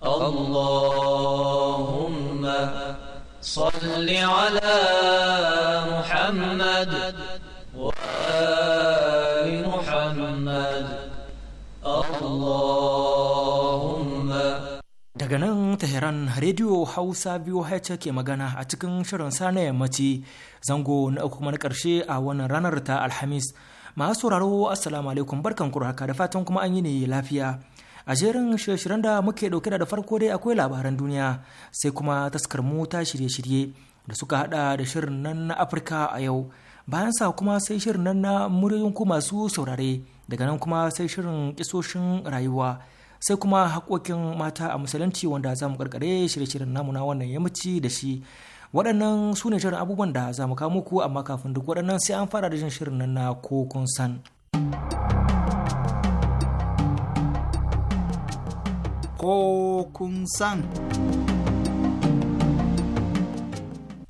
اللهم صل على محمد وآل محمد اللهم daga nan Tehran rediyo Hausa biyu haice ke magana a cikin shirin sa na yammaci zango na uku kuma na ƙarshe a wannan ranar ta Alhamis. Masu sauraro Assalamu alaikum barkan haka da fatan kuma an yi ne lafiya. a jerin shirye-shiryen da muke dauke da farko dai akwai labaran duniya sai kuma taskar mota shirye-shirye da suka hada da shirin nan na afirka a yau bayan sa kuma sai shirin nan na muryoyin ku masu saurare daga nan kuma sai shirin kisoshin rayuwa sai kuma haƙoƙin mata a musulunci wanda za mu karkare shirye-shiryen namu na wannan yammaci da shi waɗannan su ne shirin abubuwan da za mu kawo muku amma kafin duk waɗannan sai an fara da jin shirin nan na kokon san ko kun san.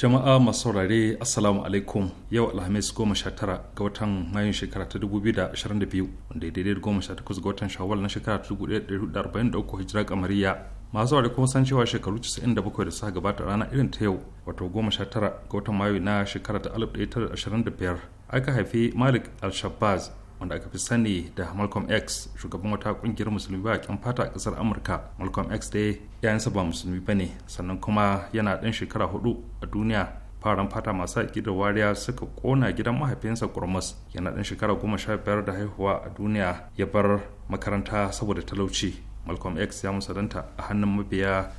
jama'a masu saurare assalamu alaikum yau alhamis goma sha tara ga watan mayun shekara ta dubu biyu da ashirin da biyu wanda ya daidai goma sha takwas ga watan shawwal na shekara ta dubu ɗaya da da arba'in da uku hijira kamariya masu saurare kuma san cewa shekaru casa'in da bakwai da suka gabata rana irin ta yau wato goma sha tara ga watan mayu na shekara ta alif ɗaya tara ashirin da biyar aka haifi malik al-shabazz wanda aka fi sani da malcolm x shugaban wata kungiyar musulmi ba kyan fata a kasar amurka malcolm x dai yayansa ba musulmi ba ne sannan kuma yana dan shekara hudu a duniya faran fata masu aiki da wariya suka kona gidan mahaifinsa kurmus yana dan shekara goma sha biyar da haihuwa a duniya ya bar makaranta saboda talauci malcolm x ya musadanta a hannun mabiya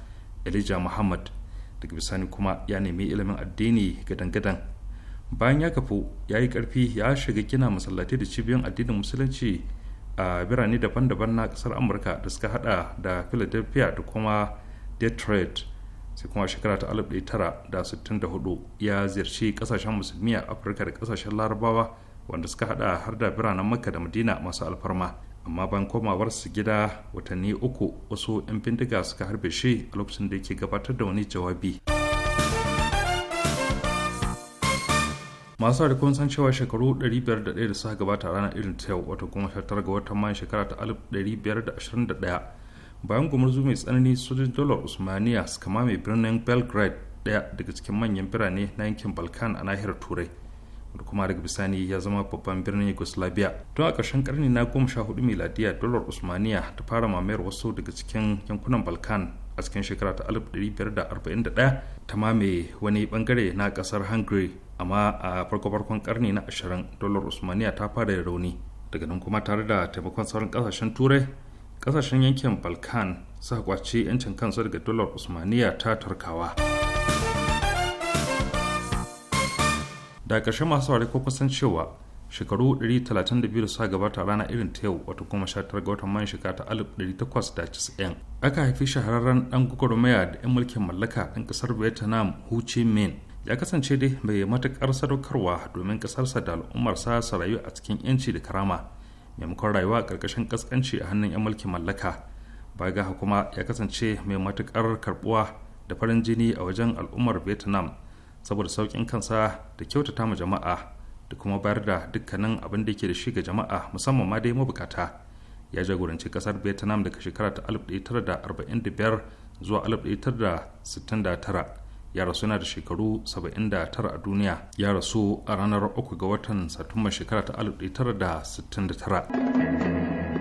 elijah muhammad daga bisani kuma ya nemi ilimin addini gadan-gadan bayan ya kafu ya yi karfi ya shiga gina masallatai da cibiyoyin addinin musulunci a birane daban-daban na kasar amurka da suka hada da philadelphia da kuma detroit sai kuma shekara ta 1964 ya ziyarci kasashen musulmi a afirka da kasashen larabawa wanda suka hada har da biranen makka da madina masu alfarma amma bayan su gida watanni uku wasu 'yan bindiga suka harbe shi a lokacin da yake gabatar da wani jawabi. masu da kun san cewa shekaru 501 da suka gabata rana ranar irin ta yau wata kuma shatar ga watan mayu shekara ta 1521 bayan gumurzu mai tsanani sojin dolar usmaniya suka mame birnin belgrade daya daga cikin manyan birane na yankin balkan a nahiyar turai wanda kuma daga bisani ya zama babban birnin yugoslavia tun a ƙarshen karni na goma sha hudu miladiya dolar usmaniya ta fara mamayar wasu daga cikin yankunan balkan a cikin shekara ta 1541 ta mamaye wani bangare na kasar hungary amma a farko-farkon karni na ashirin dolar usmaniya ta fara da rauni daga nan kuma tare da taimakon sauran kasashen turai kasashen yankin balkan su kwaci 'yancin kansu daga dolar usmaniya ta turkawa da ƙarshe masu ware ko kusan cewa shekaru 132 da suka gabata rana irin ta yau wata kuma 19 ga watan mayan shekara ta 1890 aka haifi shahararren dan gwagwarmaya da 'yan mulkin mallaka ɗan kasar vietnam hu chi minh ya kasance dai mai matukar sadaukarwa domin ƙasarsa da al'ummarsa su rayu a cikin 'yanci da karama maimakon rayuwa a ƙarƙashin ƙasƙanci a hannun 'yan mulkin mallaka baya ga kuma ya kasance mai matuƙar karɓuwa da farin jini a wajen al'ummar vietnam saboda sauƙin kansa da kyautata ma jama'a da kuma bayar da dukkanin abin da ke da shi ga jama'a musamman ma dai mabukata ya jagoranci ƙasar vietnam daga shekara ta 1945 zuwa 1969 ya rasu yana da shekaru 79 a duniya ya rasu a ranar 3 ga watan satumba shekara ta 1969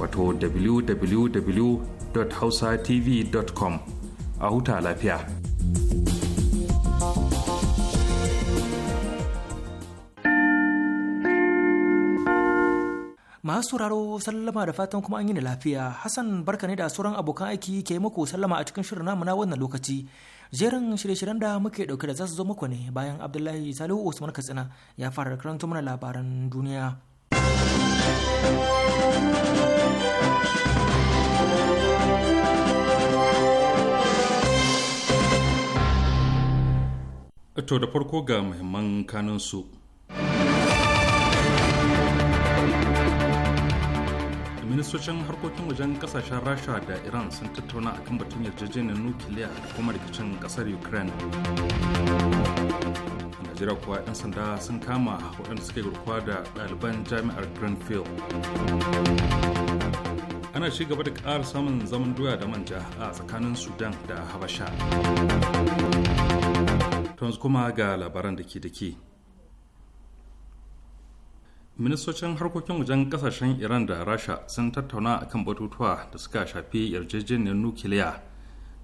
wato www.hausatv.com a huta lafiya. Masu sauraro sallama da fatan kuma an yi da lafiya Hassan barka ne da sauran abokan aiki ke muku sallama a cikin shirin namu na wannan lokaci. Jerin shirye-shiryen da muke dauke da zasu zo muku ne bayan Abdullahi Salihu Usman Katsina ya fara karanta mana labaran duniya. To da farko ga muhimman su ministocin harkokin wajen kasashen rasha da iran sun tattauna akan batun yarjejeniyar nukiliya da kuma rikicin kasar ukraine a najeriya kuwa 'yan sanda sun kama waɗanda suke garkuwa da ɗaliban jami'ar greenfield ana ci gaba da ƙara samun zaman doya da manja a tsakanin sudan da habasha tunzu kuma ga labaran da ke ministocin harkokin wajen kasashen iran da rasha sun tattauna akan batutuwa da suka shafi yarjejeniyar nukiliya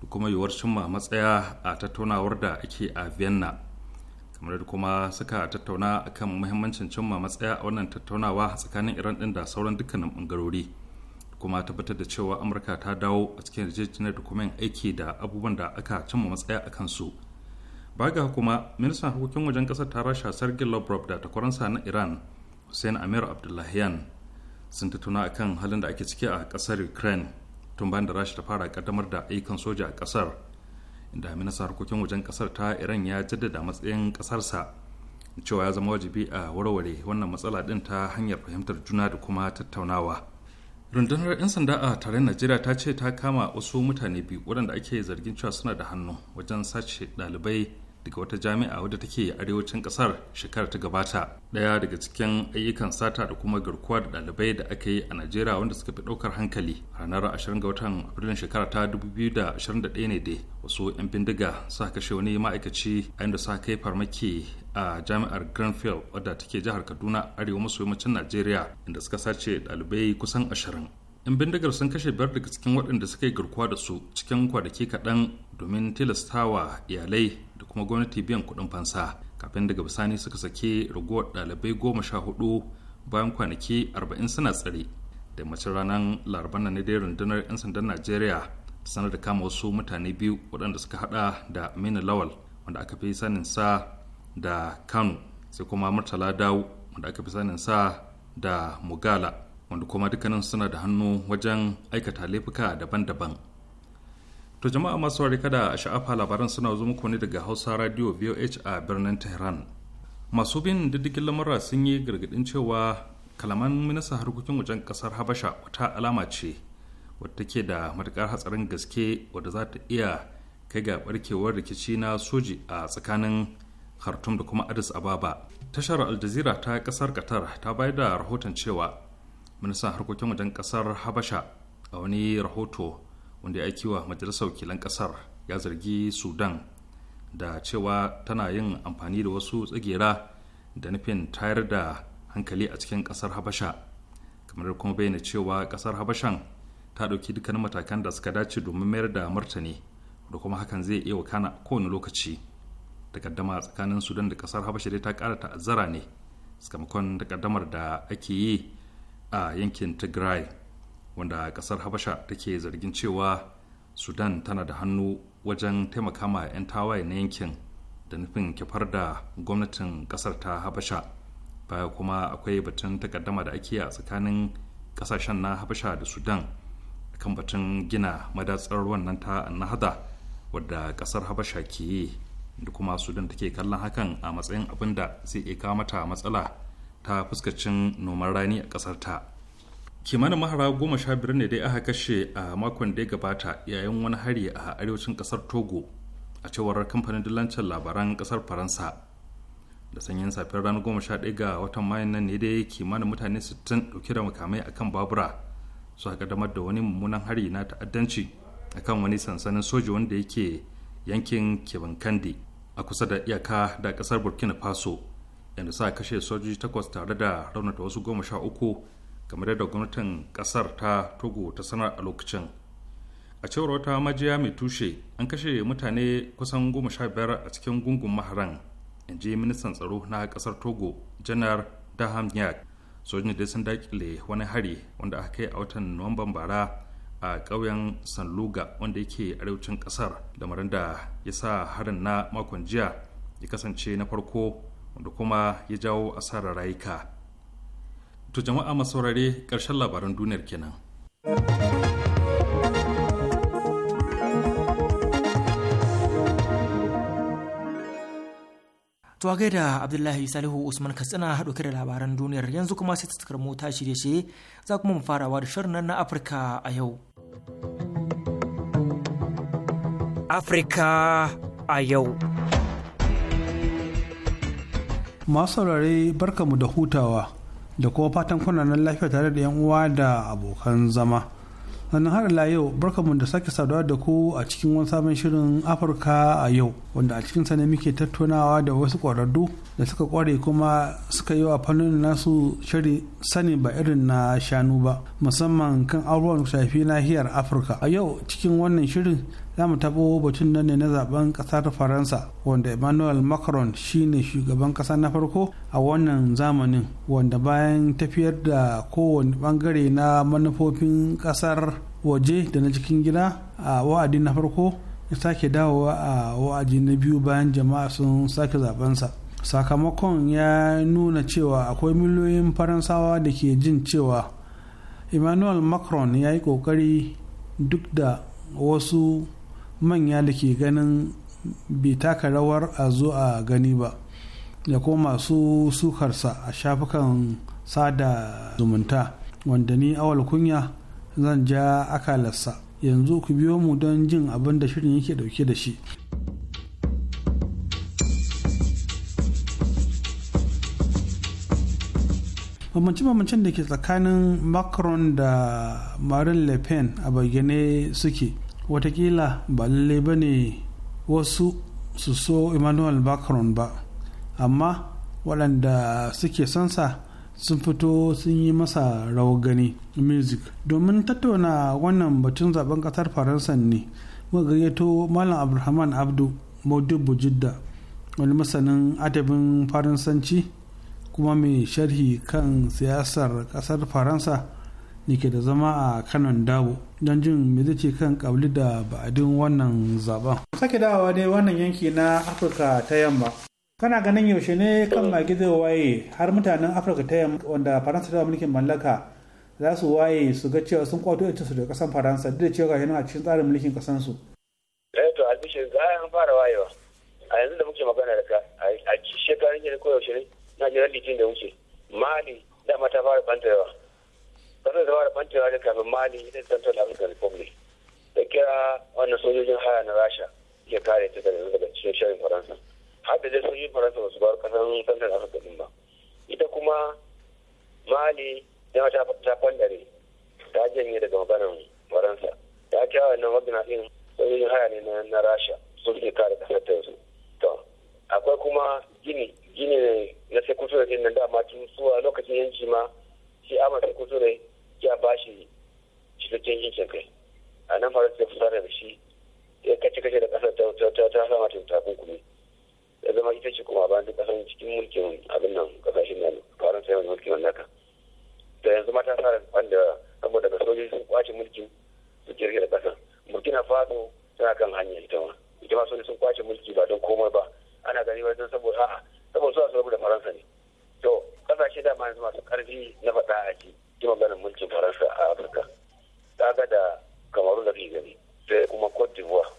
da kuma yiwuwar cimma matsaya a tattaunawar da ake a vienna kamar da kuma suka tattauna akan muhimmancin cimma matsaya a wannan tattaunawa tsakanin iran din da sauran dukkanin bangarori kuma tabbatar da cewa amurka ta dawo a cikin yarjejeniyar dokumen aiki da abubuwan da aka cimma matsaya a kansu baga kuma ministan harkokin wajen kasar ta rasha sergei lavrov da takwaransa na iran hussein amir Abdullahiyan sun tattauna kan halin da ake ciki a kasar ukraine tun bayan da rasha ta fara kaddamar da ayyukan soja a kasar inda minasa harkokin wajen kasar ta iran ya jaddada matsayin kasarsa cewa ya zama wajibi a warware wannan matsala din ta hanyar fahimtar juna da kuma tattaunawa rundunar 'yan sanda a taron najeriya ta ce ta kama wasu mutane biyu waɗanda ake zargin cewa suna da hannu wajen sace ɗalibai daga wata jami'a wadda take arewacin kasar shekara ta gabata daya daga cikin ayyukan sata da kuma garkuwa da ɗalibai da aka yi a najeriya wanda suka fi ɗaukar hankali ranar 20 ga watan afrilun shekara ta 2021 ne dai wasu 'yan bindiga sa kashe wani ma'aikaci a inda suka kai farmaki a jami'ar granfield wadda take jihar kaduna arewa maso yammacin najeriya inda suka sace ɗalibai kusan ashirin 'yan bindigar sun kashe biyar daga cikin waɗanda suka yi garkuwa da su cikin kwanaki kaɗan domin tilastawa iyalai da kuma gwamnati biyan kuɗin fansa kafin daga bisani suka sake raguwar ɗalibai goma sha hudu bayan kwanaki arba'in suna tsare da mace ranar laraba na dai rundunar 'yan sandan najeriya sanar da kama wasu mutane biyu waɗanda suka haɗa da aminu lawal wanda aka fi sanin sa da kano sai kuma murtala dawo wanda aka fi sanin sa da mugala wanda kuma dukkanin suna da hannu wajen aikata laifuka daban-daban to jama'a masu wari kada a sha'afa labaran suna zo muku ne daga hausa radio voh a birnin tehran masu bin diddigin lamura sun yi gargaɗin cewa kalaman minista harkokin wajen ƙasar habasha wata alama ce wadda take da matuƙar hatsarin gaske wadda za ta iya kai ga barkewar rikici na soji a tsakanin khartoum da kuma addis ababa tashar aljazira ta ƙasar qatar ta bayar da rahoton cewa ministan harkokin wajen kasar habasha a wani rahoto wanda ya aiki wa majalisar wakilan kasar ya zargi sudan da cewa tana yin amfani da wasu tsagera da nufin tayar da hankali a cikin kasar habasha kamar kuma bayyana cewa kasar habashan ta ɗauki dukkanin matakan da suka dace domin mayar da martani da kuma hakan zai iya wakana kowane lokaci takaddama tsakanin sudan da kasar habasha dai ta ƙara ta'azzara ne sakamakon takaddamar da ake yi a yankin tigray wanda kasar habasha take zargin cewa sudan tana da hannu wajen taimaka ma 'yan tawaye na yankin da nufin kifar da gwamnatin kasar ta habasha baya kuma akwai batun takaddama da ake a tsakanin kasashen na habasha da sudan kan batun gina madatsar wannan ta nahada wadda kasar habasha ke yi da kuma sudan take kallon hakan a matsayin abin da zai iya mata matsala ta fuskacin noman rani a kasar ta kimanin mahara goma sha biyar ne dai aka kashe a makon da ya gabata yayin wani hari a arewacin kasar togo a cewar kamfanin dillancin labaran kasar faransa da sanyin safiyar ranar goma sha ɗaya ga watan mayan nan ne dai kimanin mutane sittin ɗauke da makamai akan babura su kaddamar da wani mummunan hari na ta'addanci a kan wani sansanin soja wanda yake yankin kebankandi a kusa da iyaka da ƙasar burkina faso inda sa kashe sojoji takwas tare da raunata wasu goma sha uku kamar yadda gwamnatin kasar ta togo ta sanar a lokacin a cewar wata majiya mai tushe an kashe mutane kusan goma sha biyar a cikin gungun maharan in ji ministan tsaro na kasar togo janar daham yak sojin da sun dakile wani hari wanda aka kai a watan nuwamban bara a ƙauyen sanluga wanda yake arewacin kasar lamarin da ya sa harin na makon jiya ya kasance na farko wanda kuma ya jawo asarar rayuka to jama'a masaurare ƙarshen labaran duniyar kenan To a gaida Abdullahi Salihu Usman Katsina haɗu da labaran duniyar yanzu kuma sai ta mu mota shirye-shirye za kuma mu farawa da shirin na Afirka a yau. Afirka a yau. masu saurare mu da hutawa da kuma fatan nan lafiya tare da 'yan uwa da abokan zama sannan har la yau barkamu da sake saduwa da ku a cikin wani sabon shirin afirka a yau wanda a cikin ne muke tattaunawa da wasu kwararru da suka kware kuma suka yi wa fannin nasu shiri sani ba irin na shanu ba musamman kan abubuwan shafi nahiyar afirka a yau cikin wannan shirin za mu tabo batun nan ne na zaben ƙasar faransa wanda emmanuel macron shine shugaban kasa na farko a wannan zamanin wanda bayan tafiyar da kowane bangare na manufofin ƙasar waje da na cikin gida a wa'adi na farko ya sake dawowa a wa'adi na biyu bayan jama'a sun sake zabensa sakamakon ya nuna cewa akwai miliyoyin faransawa da ke jin cewa emmanuel macron ya yi kokari duk da wasu manya da ke ganin bai taka rawar a zo a gani ba da kuma masu sukarsa a shafukan sada zumunta wanda ni awal kunya zan ja akalarsa yanzu ku biyo mu don jin abin da shirin yake dauke da shi bambance-bambancen da ke tsakanin macron da marine le pen a bayyane suke watakila ba lalle ba ne wasu su so emmanuel macron ba amma waɗanda suke sansa sun fito sun yi masa rawar gani music domin tattauna wannan batun zaben ƙasar faransa ne muka gayyato malam abdulrahman abdu maudubu jidda wani masanin adabin faransanci kuma mai sharhi kan siyasar kasar faransa da ke da zama a kanon dabo don jin me zai ce kan kabli da ba'adin wannan zaben. sake dawowa dai wannan yanki na afirka ta yamma kana ganin yaushe ne kan magi zai waye har mutanen afirka ta yamma wanda faransa ta mulkin mallaka za su waye su ga cewa sun kwato yancinsu da kasan faransa duk da cewa gashi a cikin tsarin mulkin kasansu. eh to albishir za a fara wayewa a yanzu da muke magana da ka a shekarun ne ko yaushe ne na jiran litinin da wuce mali dama ta fara bantawa kasar ta fara bantawa da kafin mali ita central african republic da kira wannan sojojin haya na rasha ya kare ta daga daga cikin shirin faransa har da dai sojojin faransa ba su bar kasar central africa din ba ita kuma mali dama ta kwandare ta janye daga maganar faransa ta kira wannan wagna din sojojin haya ne na rasha sun ke kare kasar ta yanzu to akwai kuma gini ne na sai kusur da nan dama tun suwa lokacin yanci ma sai amma sai ya ba shi cikakken yin kai a nan fara sai fusa da shi ya kace kace da kasar ta ta ta sama tun takunkumi ya zama ita ce kuma ba duk kasan cikin mulkin abin nan kasashen nan faran sai wani mulkin wannan da yanzu mata fara wanda saboda ga sojoji sun kwace mulkin su kirge da mulki burkina faso tana kan hanyar ita ma ita ma sojoji sun kwace mulki ba don komai ba ana gani wajen don saboda a'a saboda zuwa su rabu da faransa ne to kasashe dama yanzu masu karfi na faɗa a ji ji maganin mulkin faransa a afirka ta ga da kamaru da gani sai kuma cote d'ivoire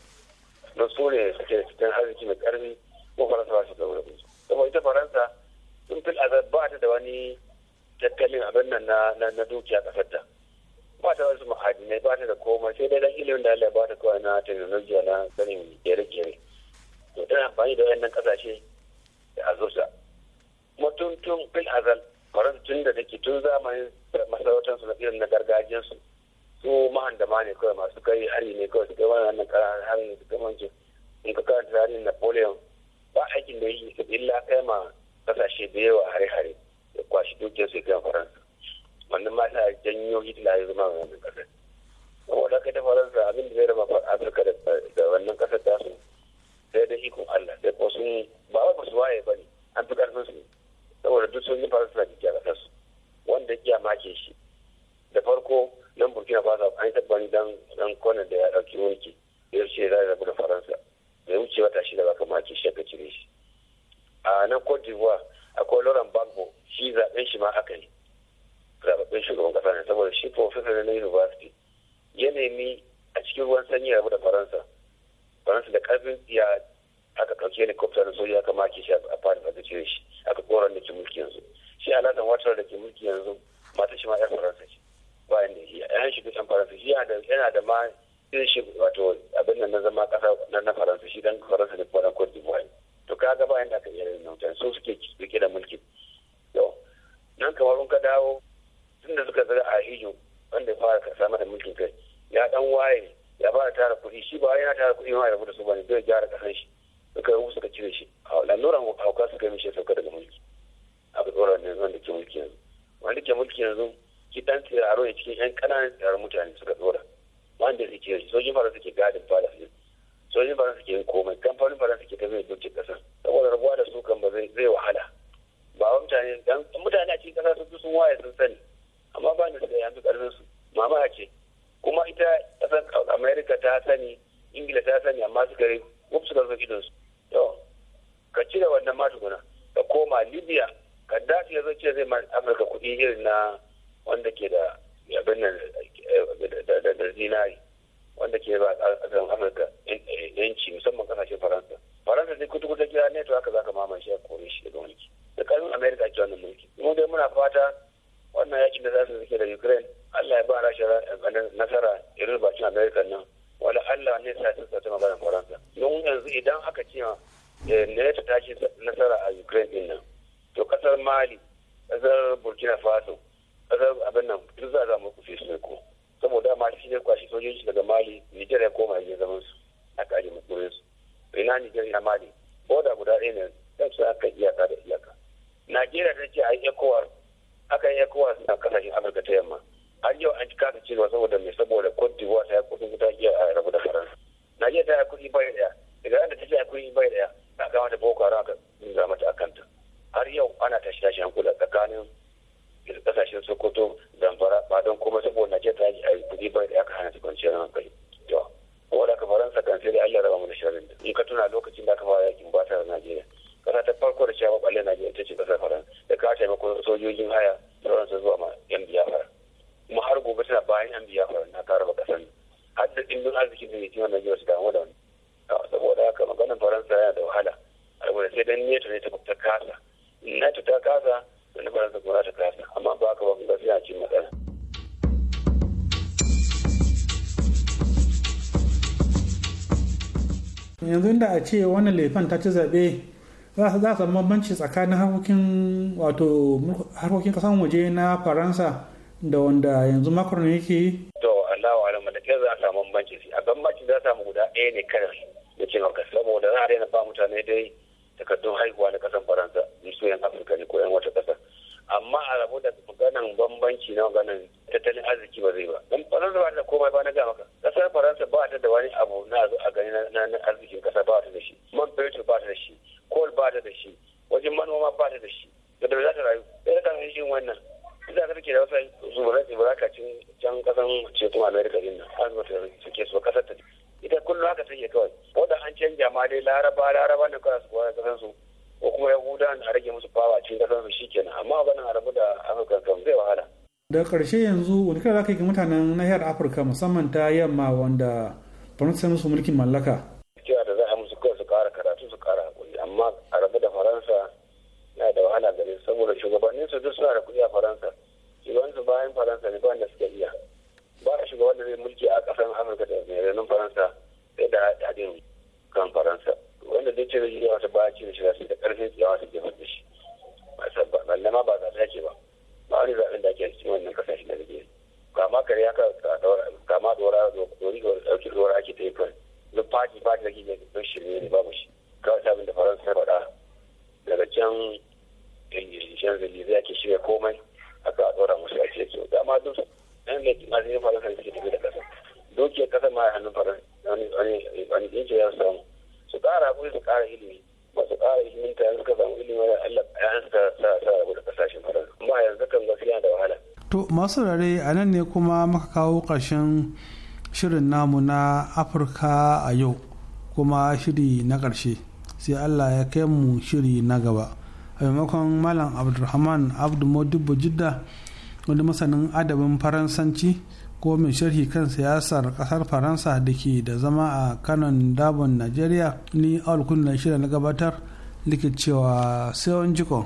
don su ne suke cikin arziki mai karfi ko faransa ba su da wuri saboda ita faransa sun fi ba ta da wani tattalin abin nan na dukiya kasar ta ba ta wasu ma'adinai ba ta da komai sai dai dan ilimin da Allah ba ta kawai na technology na sanin gere gere to tana amfani da wayannan kasashe a zuza kuma tun tun fil azal faransa tun da take tun zamanin masarautarsu na irin na gargajiyarsu su mahandama ne kawai masu kai hari ne kawai su kai wani hannun karan hari su kai mancin in ka karanta hannun napoleon ba aikin da yi illa kai ma kasashe da yawa hare-hare da kwashi dukiyar su kai faransa wannan ma ta janyo hitler ya zama wannan kasar ce wannan laifin ta ci zaɓe za su bambanci tsakanin harkokin wato harkokin kasan waje na faransa da wanda yanzu macron yake yi to allahu alam da za a samu bambanci a bambanci za a samu guda ɗaya ne kada da cin haka saboda za a daina ba mutane dai takardun haihuwa na kasan faransa ni su yan afirka ne ko yan wata ƙasa amma a rabu da maganan bambanci na maganan tattalin arziki ba zai ba don faransa ba da komai ba na gama kasar faransa ba ta da wani abu na a gani na arziki karshe yanzu wani kira za ka yi ga mutanen nahiyar afirka musamman ta yamma wanda faransa musu mulkin mallaka masu rare a nan ne kuma muka kawo ƙarshen shirin namu na afirka a yau kuma shiri na ƙarshe sai allah ya kai mu shiri na gaba a maimakon malam abdulrahman abdulmodibo jidda wani masanin adabin faransanci ko mai sharhi kan siyasar kasar faransa da ke da zama a kanon dabon nigeria ni alkunan shirin na gabatar likicewa sai wani jikon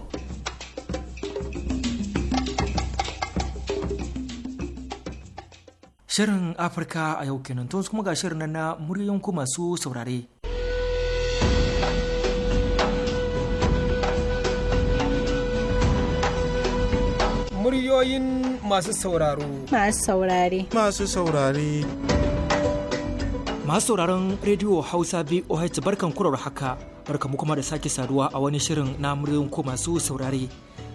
Shirin Afirka a yau kenan to kuma ga shirin na muryoyin ku masu saurare. Muryoyin masu sauraro. Masu saurare. Masu saurare. Masu sauraron rediyo Hausa BOH barkan kurar haka barkamu kuma da sake saduwa a wani shirin na muryoyin ku masu saurare.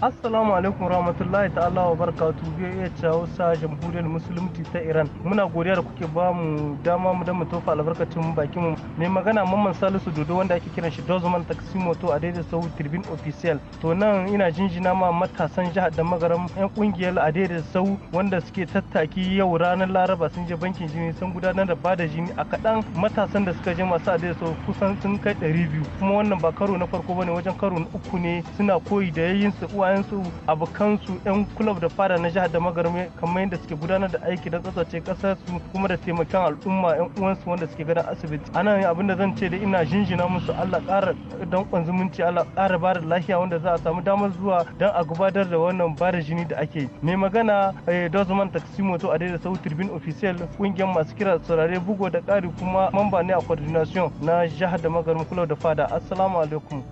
Assalamu alaikum rahmatullahi ta'ala wa barakatu biyu iya cawo sa jamhuriyar musulunci ta Iran. Muna godiya da kuke ba mu dama mu da mu tofa albarkacin bakin mu. Mai magana Mamman Salisu Dodo wanda ake kiran shi Dozman Taksimoto a daidai sau Tribune Official. To nan ina jinjina ma matasan jihar da magaram yan kungiyar a daidai sau wanda suke tattaki yau ranar Laraba sun je bankin jini sun gudanar da bada jini a kaɗan matasan da suka je masu a daidai sau kusan sun kai ɗari biyu. Kuma wannan ba karo na farko bane wajen karo na uku ne suna koyi da yayin su uwa wa'ansu abokansu 'yan kulab da fada na jihar da magarme kamar yadda suke gudanar da aiki don tsatsace kasar su kuma da taimakon al'umma 'yan uwansu wanda suke gada asibiti anan abin da zan ce da ina jinjina musu Allah ƙara danƙon zumunci Allah ƙara ba da lafiya wanda za a samu damar zuwa don a gudanar da wannan ba da jini da ake mai magana eh, Dozman moto a daidai sau turbin Official kungiyar masu kira saurare bugo da ƙari kuma mamba ne a coordination na jihar da magarin kulab da fada assalamu alaikum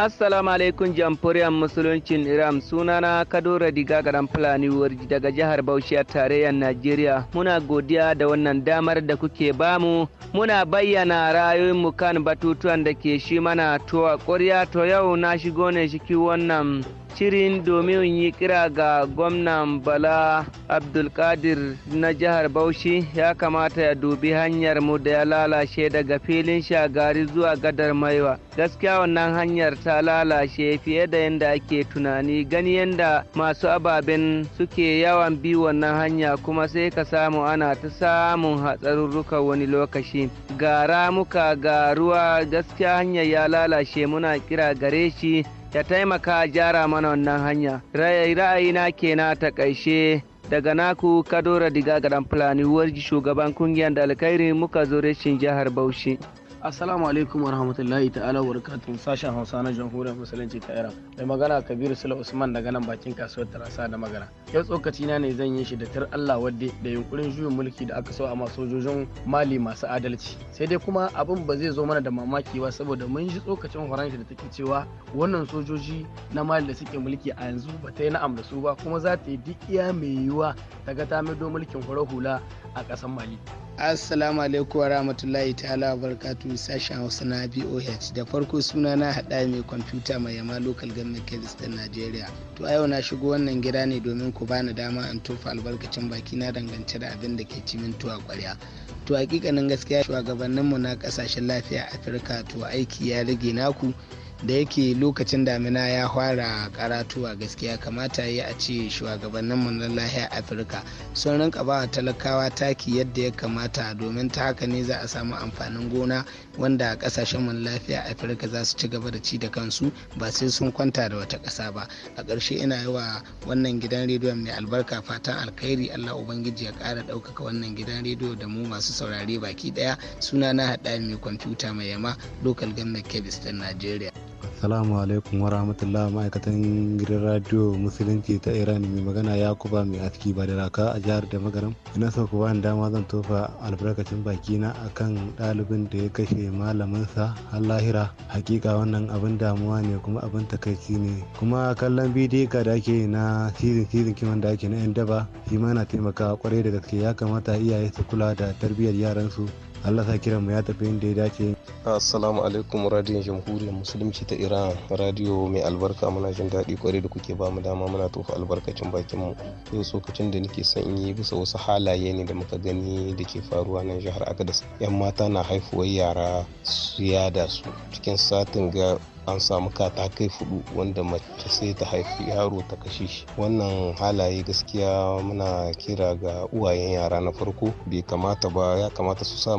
Assalamu alaikum jamhuriyar musuluncin Iram sunana kadora Diga garan Fulani Warji daga jihar Bauchi a tarayyar Najeriya. Muna godiya da wannan damar da kuke bamu. Muna bayyana mu kan batutuwan da ke shi mana tuwa. ƙwarya to yau na shigo ne shiki wannan shirin domin yi kira ga gwamnan bala abdulkadir na jihar bauchi ya kamata ya dubi hanyar mu da ya lalace daga filin shagari zuwa gadar maiwa gaskiya wannan hanyar ta ta lalace fiye da yadda ake tunani gani yadda masu ababen suke yawan bi wannan hanya kuma sai ka samu ana ta samun hatsarurruka wani lokaci Gara ramuka ga ruwa gaskiya hanyar ya lalace muna kira gare shi ya taimaka jara mana wannan hanya ra'ayina kenan ta ƙarshe daga naku kadora diga gadan fulani shugaban kungiyar da alkhairi muka zo rashin jihar bauchi Assalamu alaikum warahmatullahi ta'ala barakatuhu sashen Hausa na Jamhuriyar Musulunci ta Iran. Mai magana Kabiru Sula Usman daga nan bakin kasuwar Tarasa da Magana. Yau tsokaci na ne zan yi shi da tar Allah wadde da yunkurin juyin mulki da aka so a masu sojojin Mali masu adalci. Sai dai kuma abin ba zai zo mana da mamaki ba saboda mun ji tsokacin Faransa da take cewa wannan sojoji na Mali da suke mulki a yanzu ba ta yi na'am da su ba kuma za ta yi duk iya mai yiwuwa ta ga ta maido mulkin hula a ƙasar Mali. Assalamu alaikum warahmatullahi ta'ala barakatuhu sashen hausa na boh da farko suna na hada mai kwamfuta mai yama local government kebis ta nigeria to a yau na shigo wannan gida ne domin ku bani dama in tofa albarkacin baki na dangance da abin da ke cimin tuwa kwarya to hakikanin gaskiya shugabanninmu na kasashen lafiya afirka to aiki ya rage naku da yake lokacin damina ya fara karatuwa gaskiya kamata ya a ce shugabannin na lahiyar afirka sun rinka ba talakawa taki yadda ya kamata domin ta haka ne za a samu amfanin gona wanda kasashen mu lafiya afirka za su ci gaba da ci da kansu ba sai sun kwanta da wata ƙasa ba a ƙarshe ina yi wa wannan gidan rediyon mai albarka fatan alkhairi allah ubangiji ya kara ɗaukaka wannan gidan rediyo da mu masu saurare baki ɗaya suna na haɗa mai kwamfuta mai yama lokal gannan kebis ɗin najeriya Assalamu alaikum wa rahmatullah ma'aikatan gidan radio musulunci ta Iran mai magana Yakuba mai aski ba da raka a jihar da magaram. Ina so ku bani dama zan tofa albarkacin bakina akan ɗalibin da ya kashe malaminsa har lahira. Hakika wannan abin damuwa ne kuma abin takaici ne. Kuma kallon bidiyo ka da ake na season season kiman da ake na 'yan daba shi ma na taimakawa kwarai da gaske ya kamata iyaye su kula da tarbiyyar yaransu Allah sa kiran mu ya tafi inda ya dace. Assalamu alaikum radiyon jamhuriyar musulunci ta Iran radiyo mai albarka muna jin daɗi kwarai da kuke ba mu dama muna tofa albarkacin bakin mu. Yau tsokacin da nake son yi bisa wasu halaye ne da muka gani da ke faruwa nan jihar Agadas. Yan mata na haifuwar yara su yada su cikin satin ga an samu katakai fudu wanda mace sai ta haifi yaro ta kashe shi wannan halaye gaskiya muna kira ga uwayen yara na farko bai kamata ba ya kamata su sa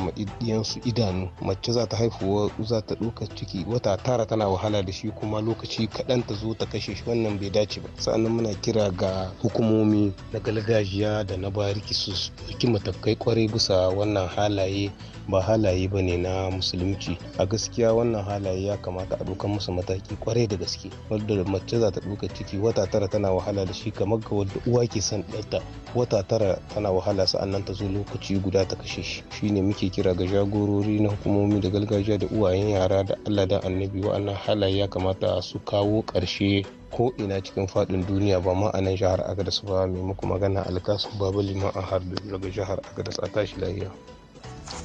su idanu mace za ta haifuwa za ta ɗauka ciki wata tara tana wahala da shi kuma lokaci kaɗan ta zo ta kashe shi wannan bai dace ba sa'annan muna kira ga hukumomi na gargajiya da na bariki su ɗauki matakai kwarai bisa wannan halaye ba halaye ba ne na musulunci a gaskiya wannan halaye ya kamata a ɗaukan musu mataki kwarai da gaske wadda mace za ta ɗauka ciki wata tara tana wahala da shi kamar ga wadda uwa ke son ɗanta wata tara tana wahala sa'annan ta zo lokaci guda ta kashe shi shine muke kira ga jagorori na hukumomi da gargajiya da uwayen yara da allah da annabi wa'annan halaye ya kamata su kawo ƙarshe ko ina cikin fadin duniya ba ma a nan jihar agadas ba maimakon magana alkasu babu liman a har daga jihar agadas a tashi lahiya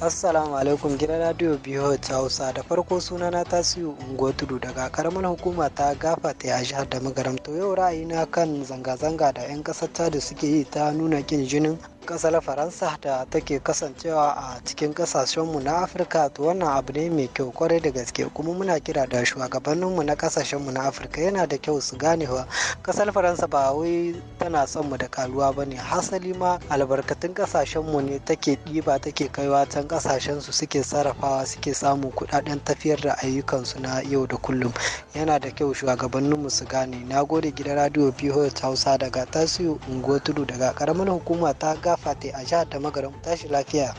Assalamu alaikum gidan radio BH Hausa da farko suna na tasiu ungo tudu daga karamar hukuma ta gafa ta ya jihar da magaram to yau ra'ayi na kan zanga-zanga da 'yan kasar da suke yi ta nuna ƙin jinin kasar faransa da take kasancewa a cikin kasashenmu na afirka to wannan abu ne mai kyau kwarai da gaske kuma muna kira da shugabanninmu na kasashenmu na afirka yana da kyau su ganewa kasar faransa ba wai tana son mu da karuwa ba ne hasali ma albarkatun kasashenmu ne take ɗiba take kaiwa can kasashen su suke sarrafawa suke samun kuɗaɗen tafiyar da ayyukansu na yau da kullum yana da kyau shugabanninmu su gane na gode gidan radio pihoyot hausa daga tasiu unguwa tudu daga karamar hukuma ta Fati a jihar da magaram tashi lafiya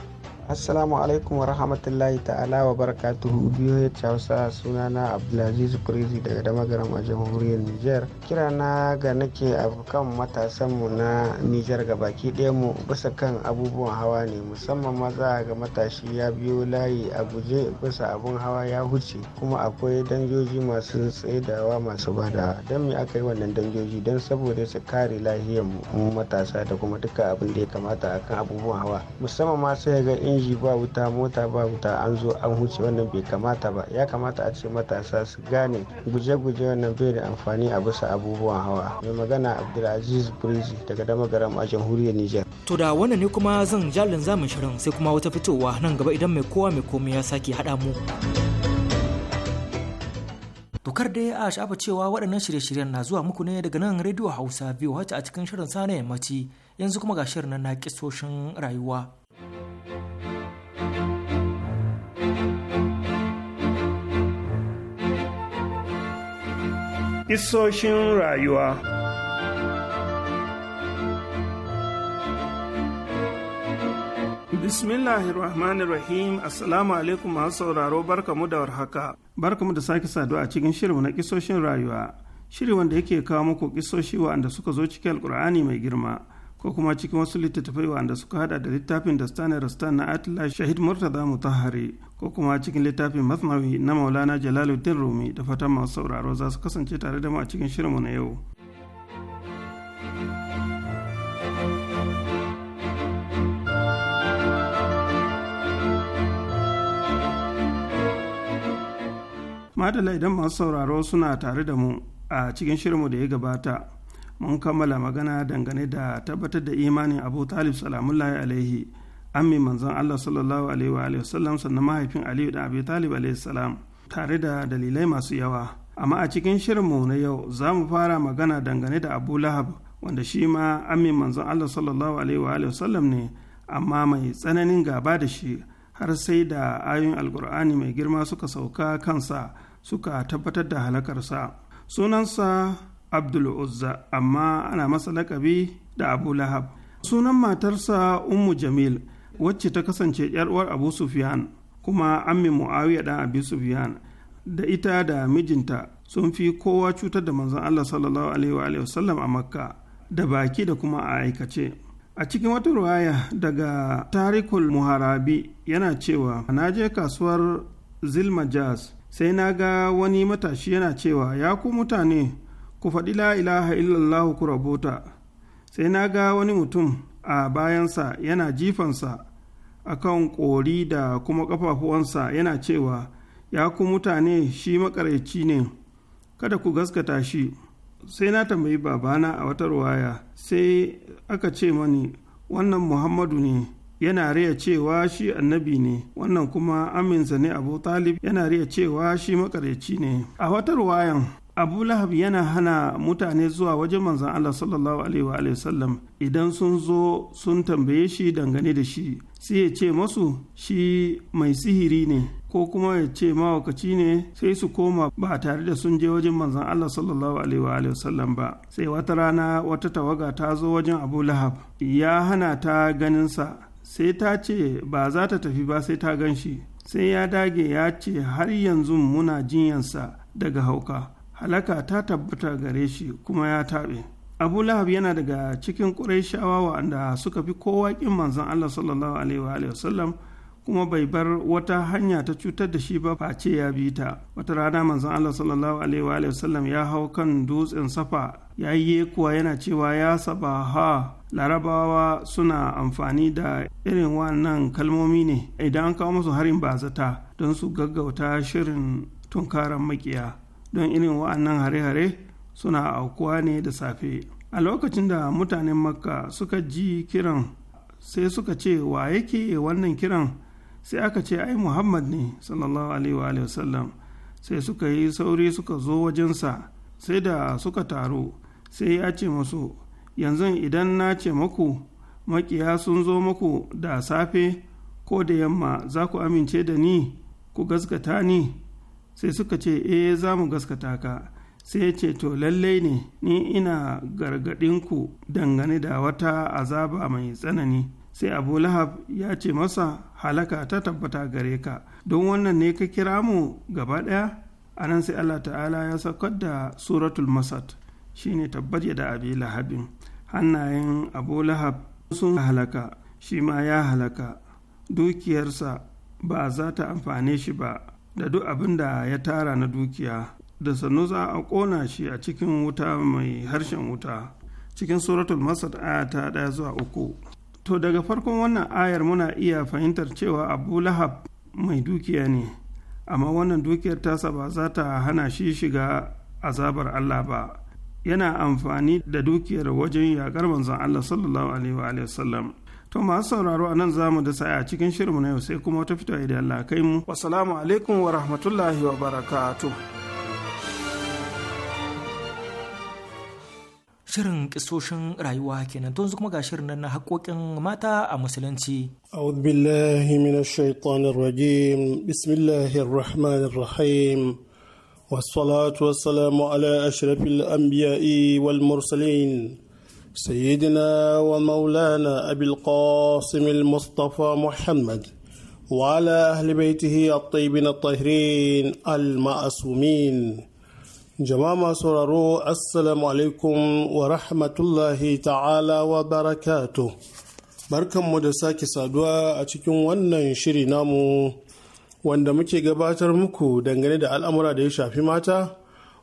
assalamu alaikum wa rahmatullahi ta'ala wa barakatuhu biyo ya hausa suna na abdulaziz crazy daga damagaram a jamhuriyar nijar kira na ga nake kan matasanmu na nijar ga baki ɗaya mu bisa kan abubuwan hawa ne musamman maza ga matashi ya biyo layi a guje bisa abun hawa ya huce kuma akwai dangoji masu tsaidawa masu bada don me aka yi wannan dangoji don saboda su kare lahiyar mu matasa da kuma duka abin da ya kamata akan abubuwan hawa musamman ma sai ga in canji ba wuta mota ba wuta an zo an huce wannan bai kamata ba ya kamata a ce matasa su gane guje-guje wannan bai da amfani a bisa abubuwan hawa mai magana abdulaziz birji daga damagaram a jamhuriyar niger to da wannan ne kuma zan jalin zamin shirin sai kuma wata fitowa nan gaba idan mai kowa mai komai ya sake haɗa mu Tokar ya a shafa cewa waɗannan shirye-shiryen na zuwa muku ne daga nan rediyo Hausa biyu wacce a cikin shirin sa na yammaci yanzu kuma ga shirin na kisoshin rayuwa. Isoshin rayuwa Bismillahirrahmanirrahim Assalamu alaikum masu sauraro barkamu da warhaka mu da sake saduwa a cikin shirin na kisoshin rayuwa shiri wanda yake kawo muku kisoshi wa'anda suka zo cikin alkur'ani mai girma ko kuma cikin wasu littattafai wanda suka hada da littafin da stani rastan na atila shahid murtaza mutahari ko kuma cikin littafin masnawi na maulana jalaluddin rumi da fatan masu sauraro za su kasance tare da mu a cikin shirinmu na yau madala idan masu sauraro suna tare da mu a cikin shirinmu da ya gabata mun kammala magana dangane da tabbatar da imanin abu talib salamullahi alaihi ammi manzon allah sallallahu alaihi wa alaihi wasallam sannan mahaifin aliyu da abu talib alaihi salam tare da dalilai masu yawa amma a cikin shirinmu na yau za mu fara magana dangane da abu lahab wanda shi ma ammi manzon allah sallallahu alaihi wa alaihi wasallam ne amma mai tsananin gaba da shi har sai da ayoyin alkur'ani mai girma suka sauka kansa suka tabbatar da halakarsa sunansa abdul uzza amma ana masa lakabi da abu lahab sunan matarsa ummu jamil wacce ta kasance yar uwar abu sufyan kuma amin muawiya dan abu sufyan da ita da mijinta sun fi kowa cutar da manzon allah sallallahu alaihi wasallam a makka da baki da kuma a aikace a cikin wata ruwaya daga tarikul muharabi yana cewa na je kasuwar zilmajaz sai na ga wani matashi yana cewa ya ku mutane ku faɗi la'ilaha illallahu ku rabota sai na ga wani mutum a bayansa yana jifansa a kan ƙori da kuma ƙafafuwansa yana cewa ya ku mutane shi makaraici ne kada ku gaskata shi sai na tambayi babana a wata ruwaya sai aka ce mani wannan muhammadu ne yana riya cewa shi annabi ne wannan kuma aminsa ne abu talib yana riya cewa shi makaraici ne a wata ruwayan abu lahab yana hana mutane zuwa wajen manzan allah sallallahu alaihi wa sallam idan sun zo sun tambaye shi dangane da shi sai ya ce masu shi mai sihiri ne ko kuma ya ce mawakaci ne sai su koma ba tare da sun je wajen manzan Allah sallallahu alaihi wa sallam ba sai wata rana wata tawaga ta zo wajen Abu Lahab ya hana ta ganinsa sai ta ce ba za ta tafi ba sai ta gan shi sai ya dage ya ce har yanzu muna jinyansa daga hauka halaka ta tabbata gare shi kuma ya taɓe abu lahab yana daga cikin ƙuraishawa wanda suka fi kowa ƙin manzon allah sallallahu alaihi wasallam kuma bai bar wata hanya ta cutar da shi ba face ya bi ta wata rana manzon allah sallallahu alaihi wasallam ya hau kan dutsen safa ya yi kuwa yana cewa ya saba, ha! larabawa suna amfani da irin wannan kalmomi ne idan an kawo musu harin bazata don su gaggauta shirin tunkaran makiya don irin wa'annan hare-hare suna aukuwa ne da safe a lokacin da mutanen makka suka ji kiran sai suka ce wa yake wannan kiran sai aka ce ai muhammad ne sallallahu alaihi wasallam sai suka yi sauri suka zo wajensa sai da suka taru sai ya ce musu yanzu idan na ce maku makiya sun zo muku da safe ko da yamma za ku amince da ni ku gaskata ni sai suka ce e za mu gaskata ka sai ya ce to lallai ne ni ina gargaɗinku dangane da wata azaba mai tsanani sai abu lahab ya ce masa halaka ta tabbata gare ka don wannan ne ka kira mu gaba ɗaya a nan sai allah ta'ala ya saukar da suratul masad shine tabbaje da abi lahabin hannayen abu lahab sun halaka shi ma ya halaka dukiyarsa ba za ta amfane shi ba da duk abin da ya tara na dukiya da sannu za a ƙona shi a cikin wuta mai harshen wuta cikin suratul masad aya ta ɗaya zuwa uku to daga farkon wannan ayar muna iya fahimtar cewa abu lahab mai dukiya ne amma wannan dukiyar tasa ba za ta hana shi shiga azabar allah ba yana amfani da dukiyar wajen yaƙar manzon allah sallallahu alaihi wa sallam To masu sauraro a nan zamu da sa'a cikin shirinmu na yau sai kuma wata fito idan Allah kai mu. Wassalamu alaikum wa rahmatullahi wa barakatuh. Shirin kisoshin rayuwa kenan to yanzu kuma ga shirin nan na haƙoƙin mata a musulunci. A'udhu billahi minash shaitanir rajim. Bismillahir rahmanir rahim. Wassalatu wassalamu ala ashrafil anbiya'i wal mursalin. سيدنا ومولانا أبي القاسم المصطفى محمد وعلى أهل بيته الطيبين الطاهرين المعصومين جماعة سرروا السلام عليكم ورحمة الله تعالى وبركاته mu da sake saduwa a cikin wannan shiri namu wanda muke gabatar muku dangane da al'amura da ya shafi mata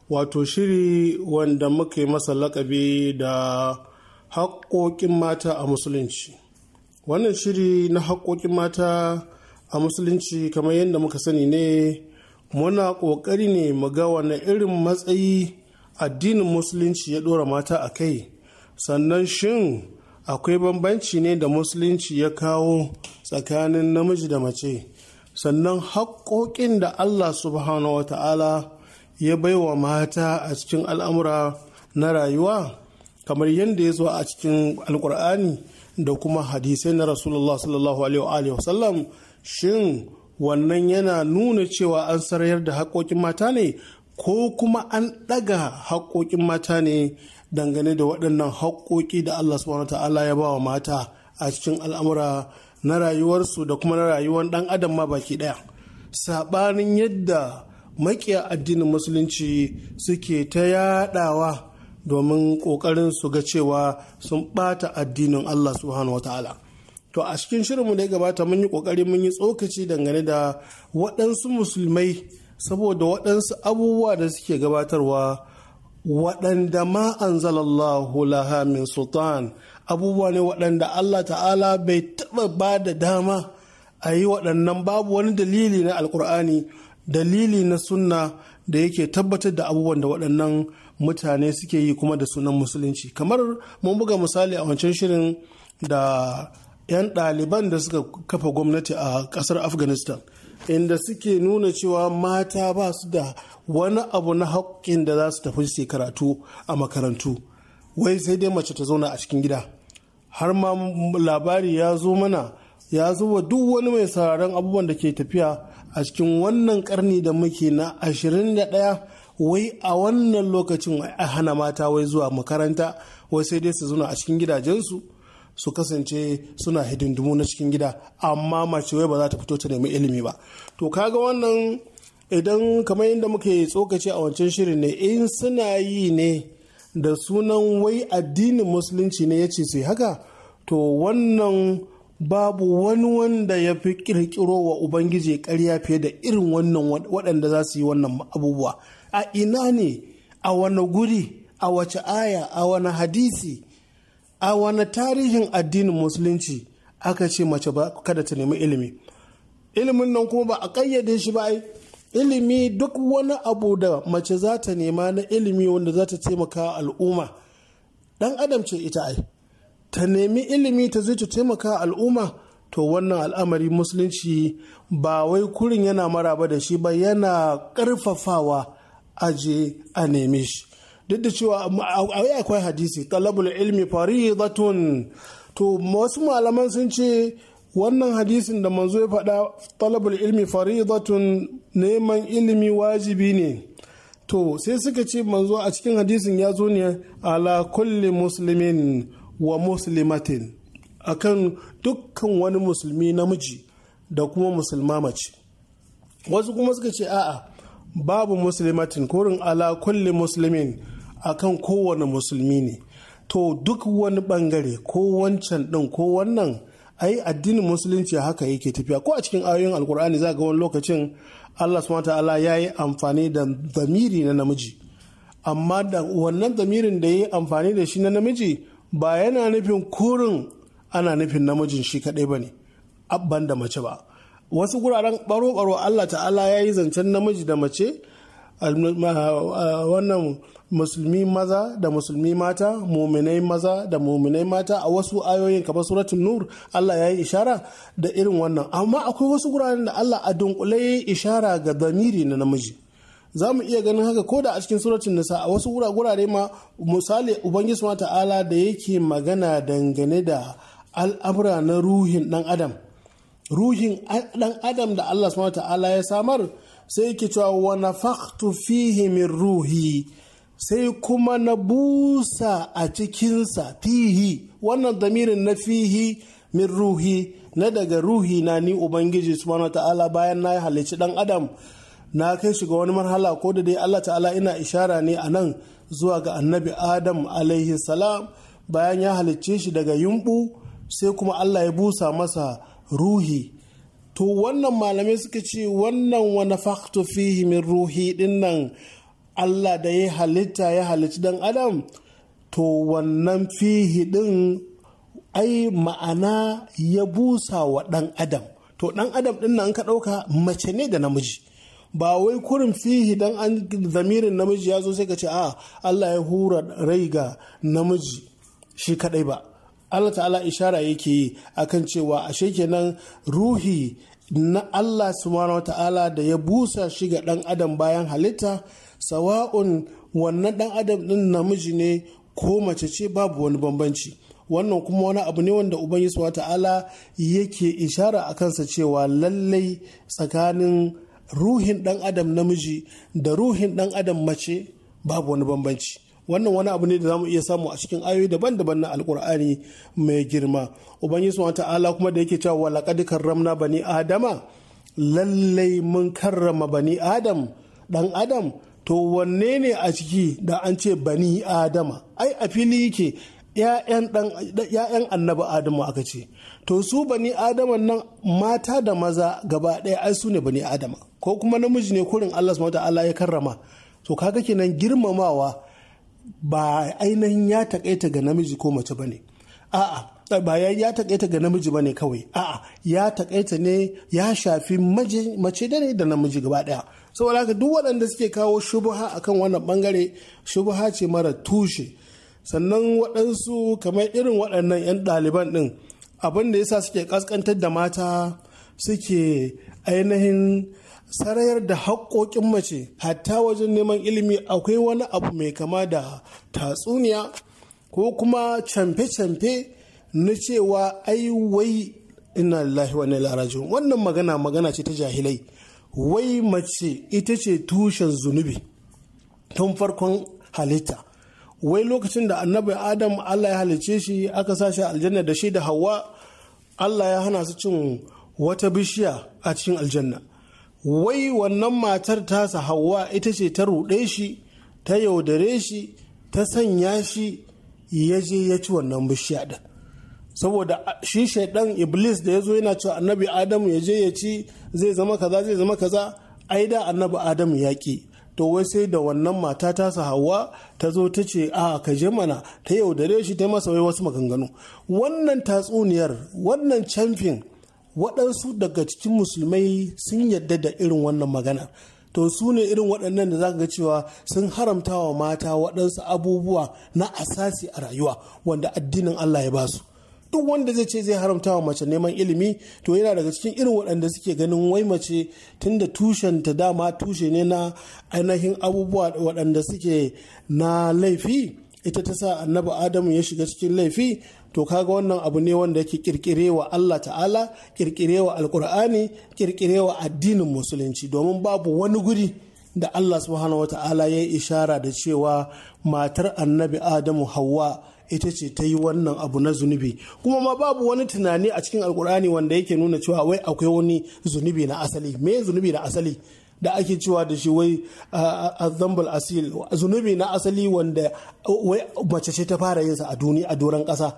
wato shiri wanda muke masa lakabi da haƙoƙin mata a musulunci wannan shiri na haƙoƙin mata a musulunci kamar yadda muka sani ne muna ƙoƙari ne mu ga wani irin matsayi addinin musulunci ya ɗora mata a kai sannan shin akwai bambanci ne da musulunci ya kawo tsakanin namiji da mace sannan haƙoƙin da allah subhanahu wa ta'ala ya baiwa mata a cikin al'amura na rayuwa kamar yadda ya zo a cikin alkur'ani da kuma hadisai na rasulullah sallallahu alaihi sallam shin wannan yana nuna cewa an sarayar da haƙoƙin mata ne ko kuma an ɗaga haƙoƙin mata ne dangane da waɗannan haƙoƙi da allah subhanahu ta'ala ya ba wa mata a cikin al'amura na rayuwarsu da kuma na rayuwar ɗan adam ma baki ɗaya saɓanin yadda maƙiya addinin musulunci suke ta yaɗawa domin ƙoƙarin su ga cewa sun ɓata addinin Allah subhanahu ta'ala. To a cikin shirinmu da ya gabata mun yi ƙoƙari mun yi tsokaci dangane da waɗansu musulmai saboda waɗansu abubuwa da suke gabatarwa waɗanda ma anzalallahu laha min sultan abubuwa ne waɗanda Allah ta'ala bai taɓa ba da dama a yi waɗannan babu wani dalili na alkur'ani dalili na sunna da yake tabbatar da abubuwan da waɗannan mutane suke yi kuma da sunan musulunci kamar mun buga misali a wancan shirin da 'yan ɗaliban da suka kafa gwamnati a ƙasar afghanistan inda suke nuna cewa mata ba su da wani abu na haƙƙin da za su tafi su karatu a makarantu wai sai dai mace ta zauna a cikin gida har ma labari ya zo mana ya zo wa duk wani mai sauraron abubuwan da ke tafiya a cikin wannan karni da muke na 21 wai a wannan lokacin a hana mata wai zuwa makaranta wai sai dai su zuna a cikin gidajensu su kasance suna hidindimu na cikin gida amma mace wai ba za ta fito ta nemi ilimi ba to kaga wannan idan kamar yadda muke tsokaci a wancan shirin ne in suna yi ne da sunan wai addinin musulunci ne ya ce sai haka to wannan babu wani wanda ya fi kirkiro wa ubangiji karya fiye da irin wannan waɗanda za su yi wannan abubuwa a ina ne a wani guri a wace aya a wani hadisi a wani tarihin addinin musulunci aka ce mace ba kada ta nemi ilimi ilimin nan kuma ba a ƙayyade shi ba ai ilimi duk wani abu da mace za ta nema na ilimi wanda za ta taimaka al'umma dan adam ce ita ai ta nemi ilimi ta zai ta taimaka al'umma to wannan al'amari musulunci ba wai kurin yana maraba da shi ba yana ƙarfafawa aje a neme shi duk da cewa a akwai hadisi talabul ilmi faridatun to wasu malaman sun ce wannan hadisin da manzo ya faɗa talabul ilmi faridatun neman ilimi wajibi ne to sai suka ce manzo a cikin hadisin ya zo ne ala kulli muslimin wa muslimatin akan dukkan wani musulmi namiji da kuma musulma mace wasu kuma suka ce a'a babu muslimatin korin ala kulli muslimin akan kowane musulmi ne to duk wani bangare ko wancan din ko wannan ai addinin musulunci haka yake tafiya ko a cikin ayoyin alkur'ani za ga wani lokacin allah subhanahu ta'ala ya yi amfani da zamiri na namiji amma da wannan zamirin da ya yi amfani da shi na namiji ba yana nufin kurin ana nufin namijin shi kaɗai ba ne abban da mace ba wasu guraren baro-baro Allah ta'ala ya yi zancen namiji da mace wannan musulmi maza da musulmi mata muminai maza da muminai mata a wasu ayoyin kamar suratun nur Allah ya yi ishara da irin wannan amma akwai wasu guraren da Allah a dunkule ya yi ishara ga zamiri na namiji za mu iya ganin haka ko da a cikin suratun nisa a wasu gurare ma misali ubangiji ta'ala da yake magana dangane da al'amura na ruhin dan adam ruhin dan adam da Allah subhanahu ta'ala ya samar sai yake cewa wa nafakhtu fihi min ruhi sai kuma na busa a cikinsa fihi wannan damirin na fihi min ruhi na daga ruhi na ni ubangiji subhanahu ta'ala bayan na halici dan adam na kai shi ga wani marhala ko da dai Allah ta'ala ina ishara ne a nan zuwa ga annabi adam alaihi salam bayan ya halicce shi daga yumbu sai kuma Allah ya busa masa ruhi to wannan malamai suka ce wannan wani faktu fihi min ruhi dinnan Allah da ya halitta ya halitta dan adam to wannan fihi din ai ma'ana ya busa wa dan adam to dan adam dinnan an ka ɗauka mace ne da namiji ba wai kurin fihi dan an zamirin namiji ya zo sai ka ce a ah, Allah ya hura rai ga namiji shi kadai ba Allah ta'ala ishara yake yi akan cewa ashe kenan ruhi na Allah subhanahu ta'ala da ya busa shi ga ɗan adam bayan halitta sawa'un wannan ɗan adam ɗin namiji ne ko mace ce babu wani bambanci wannan kuma wani abu ne wanda uban subhanahu ta'ala yake ishara a kansa cewa lallai tsakanin ruhin ɗan adam namiji da ruhin ɗan adam mace babu wani bambanci wannan wani abu ne da zamu iya samu a cikin ayoyi daban-daban na alkur'ani mai girma ubangiji wa ta'ala kuma da yake cewa laqad karramna bani adama lallai mun karrama bani adam dan adam to wanne ne a ciki da an ce bani adama ai a fili yake ‘ya'yan annabi Adamu aka ce, to su bani Adama nan mata da maza gaba ɗaya ai su ne bani Adama, ko kuma namiji ne kurin Allah ta'ala ya karrama. To kaga kenan girmamawa ba ainihin ya taƙaita ga namiji ko mace ba ne a'a ba ya taƙaita ga namiji ba ne kawai a'a ya taƙaita ne ya shafi mace da ne da namiji gaba ɗaya saboda haka duk waɗanda suke kawo shubuha akan wannan bangare shubuha ce mara tushe sannan waɗansu kamar irin waɗannan 'yan ɗaliban ɗin abin da sa suke ƙasƙantar da mata suke ainihin sarayar da haƙoƙin mace hatta wajen neman ilimi akwai wani abu mai kama da tatsuniya ko kuma camfe-camfe na cewa ai wai ina lillahi wannan magana magana ce ta jahilai wai mace ita ce tushen zunubi tun farkon halitta wai lokacin da annabi adam allah ya halice shi aka sashi aljanna da shi da hawa allah ya hana su cin wata bishiya a cikin aljanna wai wannan matar ta tasa hawa ita ce ta ruɗe shi ta yaudare shi ta sanya shi ya je ya ci wannan bishiya da saboda shi shaidan iblis da ya zo yana cewa annabi adamu ya je ya ci zai zama kaza zai zama kaza ai da annabi adamu ya ki to wai sai da wannan mata ta hawa ta zo ta ce a ka je mana ta yaudare shi ta masa wai wasu maganganu wannan tatsuniyar wannan camfin waɗansu daga cikin musulmai sun yadda da irin wannan magana to su ne irin waɗannan da zaka ga cewa sun haramta wa mata waɗansu abubuwa na asasi a rayuwa wanda addinin Allah ya basu duk wanda zai ce zai haramta wa mace neman ilimi to yana daga cikin irin waɗanda suke ganin wai mace tunda tushen ta dama tushe ne na ainihin abubuwa waɗanda suke na laifi ita ta sa annabi adamu ya shiga cikin laifi to kaga wannan abu ne wanda yake kirkirewa Allah ta'ala kirkirewa alkur'ani kirkirewa addinin musulunci domin babu wani guri da Allah subhanahu wa ta'ala ya yi ishara da cewa matar annabi Adamu hawa ita ce ta yi wannan abu na zunubi kuma ma babu wani tunani a cikin alkur'ani wanda yake nuna cewa wai akwai wani zunubi na asali me zunubi na asali da ake cewa da shi wai azambal asil zunubi na asali wanda wai mace ce ta fara yinsa a duniya a doron ƙasa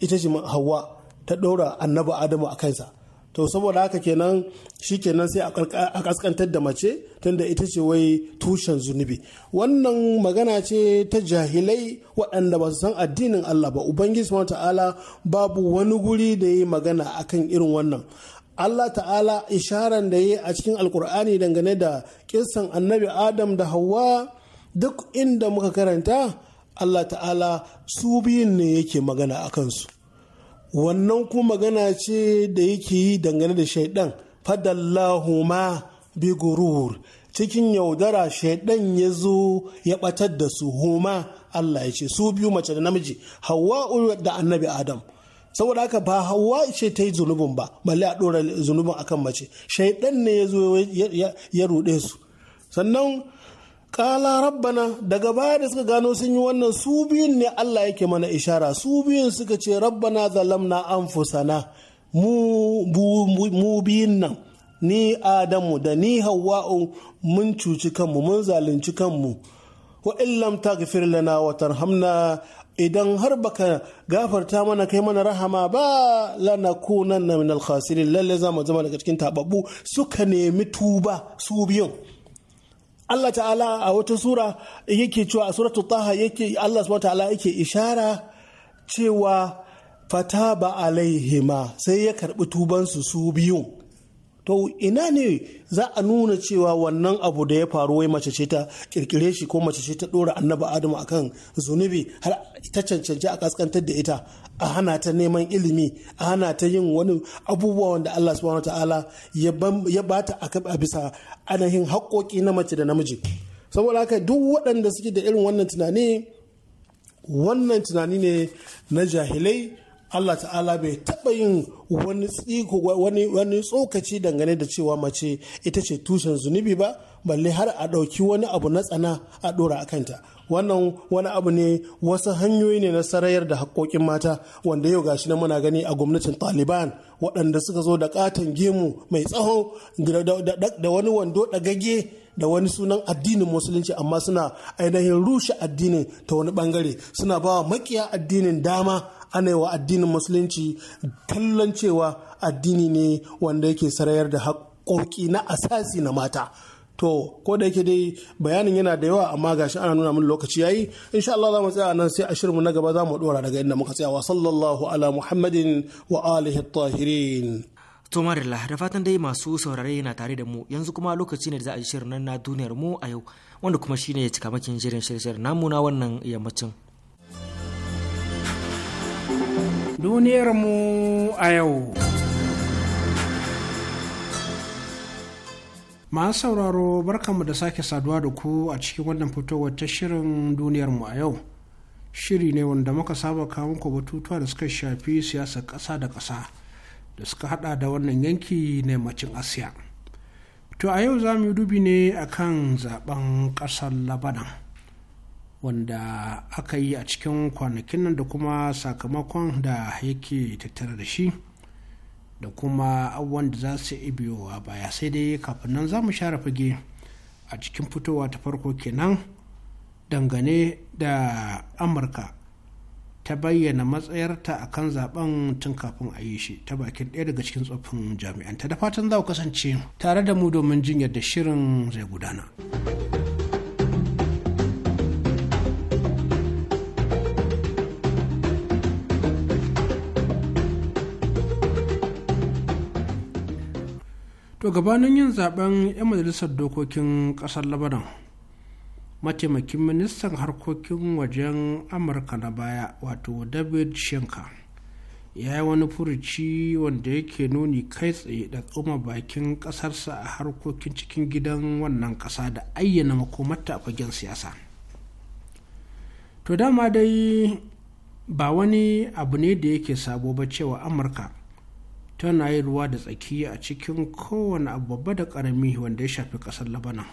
ita ce hawa ta ɗora annabi adamu a kansa to saboda haka kenan shi kenan sai a kaskantar da mace tunda ita ce wai tushen zunubi wannan magana ce ta jahilai waɗanda ba su san addinin Allah ba ubangiji subhanahu ta'ala babu wani guri da yi magana akan irin wannan Allah ta'ala isharan da yi a cikin alkur'ani dangane da kissan annabi adam da hawa duk inda muka karanta Allah ta'ala su biyun ne yake magana a kansu wannan kuma magana ce da yake yi dangane da shaidan fadallahu ma bi gurur cikin yaudara shaidan ya zo ya batar da su huma Allah ya ce su biyu mace da namiji hawa da annabi adam saboda haka ba hawa ce ta yi zunubin ba balle a dora zunubin akan mace shaidan ne ya zo ya ruɗe su sannan kala rabbana daga baya da suka gano sun yi wannan su biyun ne Allah yake mana ishara su biyun suka ce rabbana zalamna anfusana mu mu biyun nan ni adamu da ni hawa'u mun cuci kanmu mun zalunci kanmu wa illam taghfir lana wa tarhamna idan har baka gafarta mana kai mana rahama ba lanakunanna min al-khasirin lalle za mu zama daga cikin tababbu suka nemi tuba su biyun Allah ta'ala a wata sura yake cewa a suratul taha yake Allah subhanahu ta'ala yake ishara cewa fata ba alaihima sai ya karbi tubansu su biyu to ina ne za a nuna cewa wannan abu da ya faru wai mace ce ta kirkire shi ko mace ce ta dora annabi adamu akan zunubi har ta cancanci a kaskantar da ita a hana ta neman ilimi a hana ta yin wani abubuwa wanda Allah subhanahu ta'ala ya bata a bisa ainihin haƙoƙi na mace da namiji saboda haka duk waɗanda suke da irin wannan tunani wannan tunani ne na jahilai Allah ta'ala bai taɓa yin wani tsiko wani wani tsokaci dangane da cewa mace ita ce tushen zunubi ba balle har a ɗauki wani abu na tsana a ɗora a kanta wannan wani abu ne wasu hanyoyi ne na sarayar da haƙoƙin mata wanda yau gashi na muna gani a gwamnatin taliban waɗanda suka zo da katon gemu mai tsaho da wani wando ɗagage da wani sunan addinin musulunci amma suna ainihin rushe addinin ta wani bangare suna bawa wa makiya addinin dama ana wa addinin musulunci kallon cewa addini ne wanda yake sarayar da haƙoƙi na asasi na mata to ko da yake dai bayanin yana da yawa amma gashi ana nuna min lokaci yayi insha Allah za mu tsaya nan sai a shirinmu na gaba za mu dora daga inda muka tsaya wa sallallahu ala muhammadin wa alihi tahirin to marilla da fatan dai masu saurare yana tare da mu yanzu kuma lokaci ne da za a shirin nan na duniyar mu a yau wanda kuma shine ya cika makin shirin shirye namu wannan yammacin duniyarmu a yau. Masu sauraro barkanmu da sake saduwa da ku a cikin wannan fitowar ta shirin duniyarmu a yau. Shiri ne wanda muka saba kawo ku batutuwa da suka shafi siyasar ƙasa da ƙasa da suka hada da wannan yanki na yammacin Asiya. To a yau za mu yi dubi ne akan zaben ƙasar Labanan. wanda aka yi a cikin kwanakin nan da kuma sakamakon da yake tattara da shi da kuma abubuwan da za su biyowa baya sai dai kafin nan za mu share fage a cikin fitowa ta farko kenan dangane da amurka ta bayyana matsayarta a kan zaben tun kafin a yi shi ta bakin ɗaya daga cikin tsoffin jami'an ta da fatan za ku kasance tare da mu domin jin yadda shirin zai gudana. to gabanin yin zaben 'yan majalisar dokokin kasar labaran mataimakin ministan harkokin wajen amurka na baya wato david shinka ya yi wani furuci wanda yake nuni kai tsaye da tsoma bakin kasarsa a harkokin cikin gidan wannan kasa da ayyana makomarta a fagen siyasa to dama dai ba wani abu ne da yake sabo ba cewa amurka tana yi ruwa da tsaki a cikin kowane abu babba da karami wanda ya shafi ƙasar labanan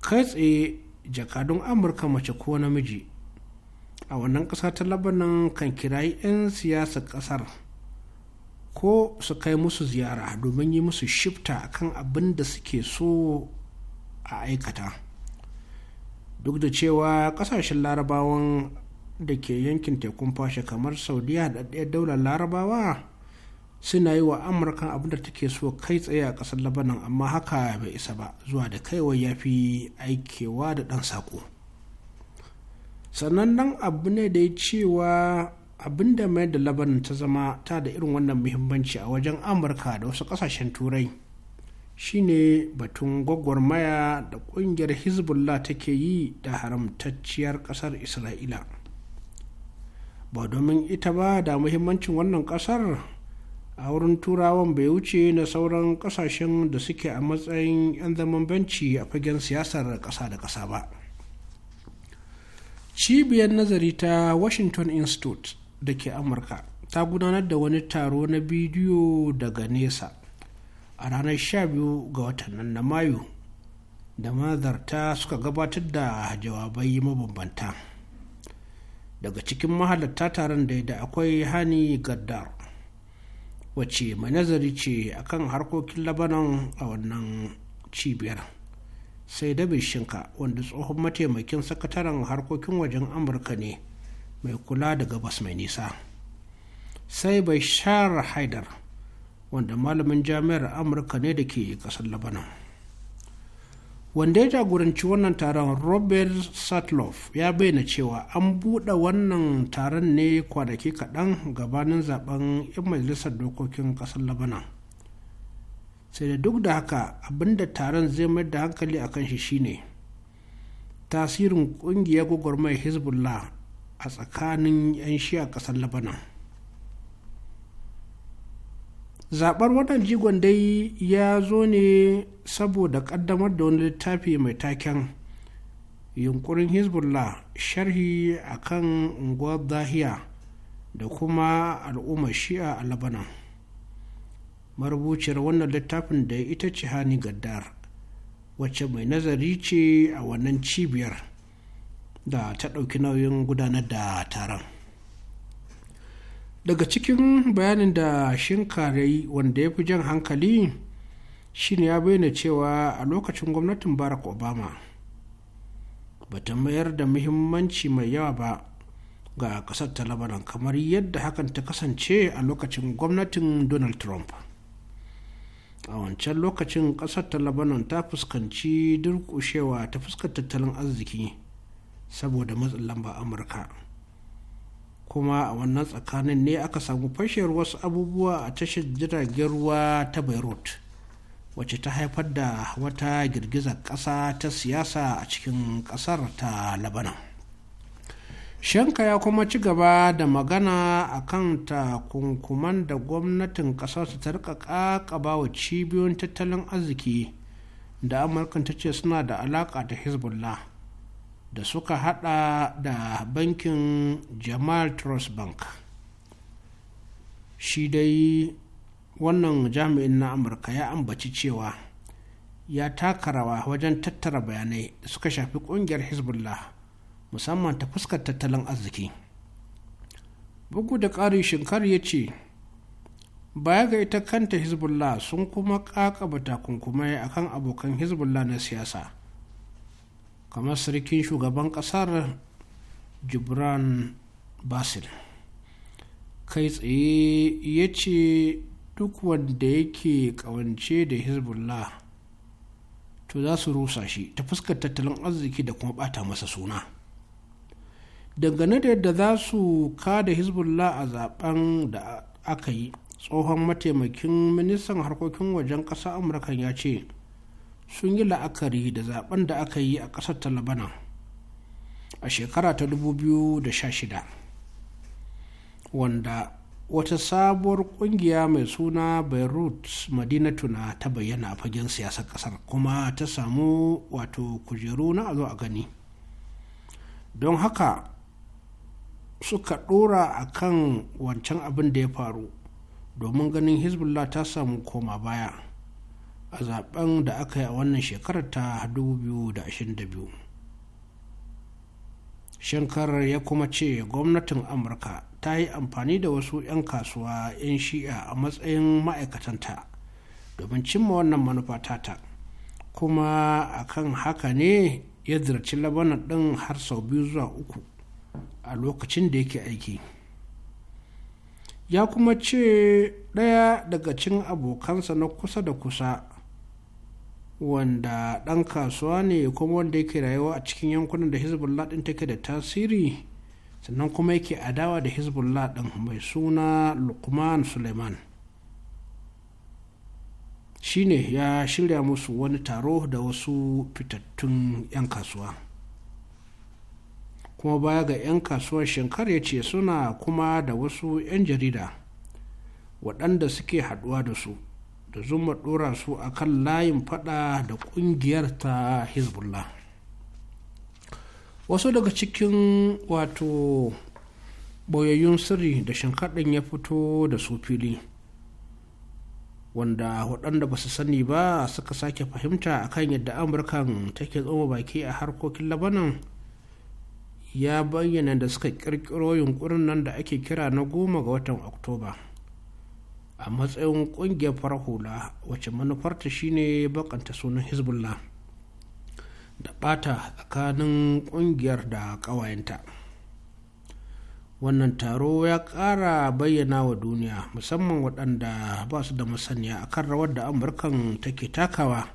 kai tsaye jakadun amurka mace ko namiji a wannan ƙasa ta labanan kan kirayi 'yan siyasar ƙasar ko su kai musu ziyara domin yi musu shifta kan abin da suke so a aikata duk da cewa ƙasashen larabawan da ke yankin tekun fashe kamar saudiya da ɗaya daular larabawa suna yi wa amurka abinda take so kai tsaye a ƙasar labanan amma haka bai isa ba zuwa da kaiwai ya fi aikewa da ɗan saƙo sannan nan abu ne da ya cewa abinda mai da labanan ta zama ta da irin wannan muhimmanci a wajen amurka da wasu ƙasashen turai shine batun gwagwarmaya da ƙungiyar hezbollah take yi da haramtacciyar ƙasar isra'ila ba domin ita ba da muhimmancin wannan ƙasar a wurin turawan bai wuce na sauran kasashen da suke a matsayin 'yan zaman banci a fagen siyasar ƙasa da ƙasa ba cibiyar nazari ta washington institute da ke amurka ta gudanar da wani taro na bidiyo daga nesa a ranar 12 ga watan na mayu da mazarta suka gabatar da jawabai mabambanta daga cikin mahalarta taron da akwai hani gaddar wacce mai nazari ce a kan harkokin labanon a wannan cibiyar sai da shinka wanda tsohon mataimakin sakataren harkokin wajen amurka ne mai kula da gabas mai nisa sai bashar haidar wanda malamin jami'ar amurka ne da ke kasar labanon wanda ya jagoranci wannan taron robert satloff ya bayyana cewa an buɗe wannan taron ne kwanaki kaɗan gabanin zaben 'yan majalisar dokokin ƙasar labanan sai da duk da haka abinda taron zai mai da hankali a kan shi shine tasirin ƙungiyar gwagwarmayar hezbollah a tsakanin 'yan shi a ƙasar labanan zaɓar wannan jigon dai ya zo ne saboda ƙaddamar da wani littafi mai taken yunkurin hezbollah sharhi a kan unguwar zahiya da kuma al'ummar shi'a a labanan marubuciyar wannan littafin da ita ce hani gaddar wacce mai nazari ce a wannan cibiyar da ta ɗauki nauyin gudanar da taron daga cikin bayanin da shinkarai wanda ya fi jan hankali shine ya bayyana cewa a lokacin gwamnatin barack obama ba ta mayar da muhimmanci mai yawa ba ga kasar ta labaran kamar yadda hakan ta kasance a lokacin gwamnatin donald trump a wancan lokacin kasar ta labanan ta fuskanci durkushewa ta fuskar tattalin arziki saboda matsin lamba amurka kuma a wannan tsakanin ne aka samu fashewar wasu abubuwa a tashar jiragen ruwa ta beirut wacce ta haifar da wata girgizar ƙasa ta siyasa a cikin ƙasar ta labanan shanka ya kuma ci gaba da magana a kan takunkuman da gwamnatin ƙasarsa ta rika ƙaƙaba wa cibiyoyin tattalin arziki da amurkan ta ce suna da alaƙa da hezbollah da suka hada da bankin jamal trust bank shi dai wannan jami'in na amurka ya ambaci cewa ya taka rawa wajen tattara bayanai da suka shafi kungiyar hezbollah musamman ta fuskar tattalin arziki bugu da ƙari shinkar ya ce baya ga ita kanta hezbollah sun kuma kakaba takunkumai akan abokan hezbollah na siyasa kamar sarkin shugaban kasar jibran basil kai tsaye ya ce duk wanda yake kawance da hezbollah to za su rusa shi ta fuskar tattalin arziki da kuma bata masa suna dangane da yadda za su kada hezbollah a zaben da aka yi tsohon mataimakin ministan harkokin wajen ƙasa amurka ya ce sun yi la'akari da zaben da aka yi a ƙasar ta labanan a shekara ta 2016 wanda wata sabuwar ƙungiya mai suna beirut tuna ta bayyana a fagen siyasar ƙasar, kuma ta samu wato kujeru na zo a gani don haka suka ɗora a kan wancan abin da ya faru domin ganin hezbollah ta samu koma baya a zaben da aka yi a wannan shekarar ta 2022 shankar ya kuma ce gwamnatin amurka ta yi amfani da wasu 'yan kasuwa 'yan shi'a a matsayin ma'aikatanta domin cimma wannan manufa tata kuma akan haka ne ya zirci labanan ɗin har sau biyu zuwa uku a lokacin da yake aiki ya kuma ce ɗaya daga cin abokansa na kusa da kusa wanda ɗan kasuwa ne kuma wanda yake rayuwa a cikin yankunan da hezbollah ɗin take da tasiri sannan kuma yake adawa da hezbollah ɗin mai suna lukman suleiman Shi ne ya shirya musu wani taro da wasu fitattun 'yan kasuwa kuma baya ga 'yan kasuwar shinkar ya ce suna kuma da wasu 'yan jarida waɗanda suke haɗuwa da su da zuma dora su a kan layin fada da kungiyar ta hezbollah wasu daga cikin wato boyayyun sirri da shinkadin ya fito da su fili wanda waɗanda ba su sani ba suka sake fahimta a kan yadda amurka take tsoma baki a harkokin labanan ya bayyana da suka ƙirƙiro yunkurin nan da ake kira na goma ga watan oktoba a matsayin kungiyar farar hula wacce manufarta shine bakanta sunan hezbollah da bata tsakanin kungiyar da kawayenta wannan taro ya kara bayyana wa duniya musamman waɗanda ba su da masaniya a kan rawar da amurkan take takawa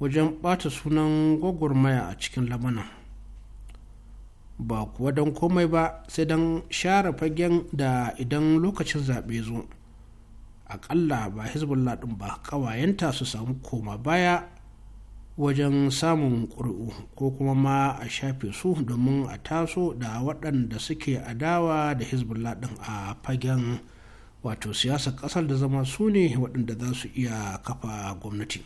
wajen bata sunan gwagwarmaya a cikin lamanan ba kuwa don komai ba sai don share fagen da idan lokacin zaɓe zo akalla ba hezbollah din ba ƙawayenta su samu koma baya wajen samun ƙuri'u ko kuma ma a shafe su domin a taso da waɗanda suke adawa da hezbollah ɗin a fagen wato siyasar ƙasar da zama su ne waɗanda za su iya kafa gwamnati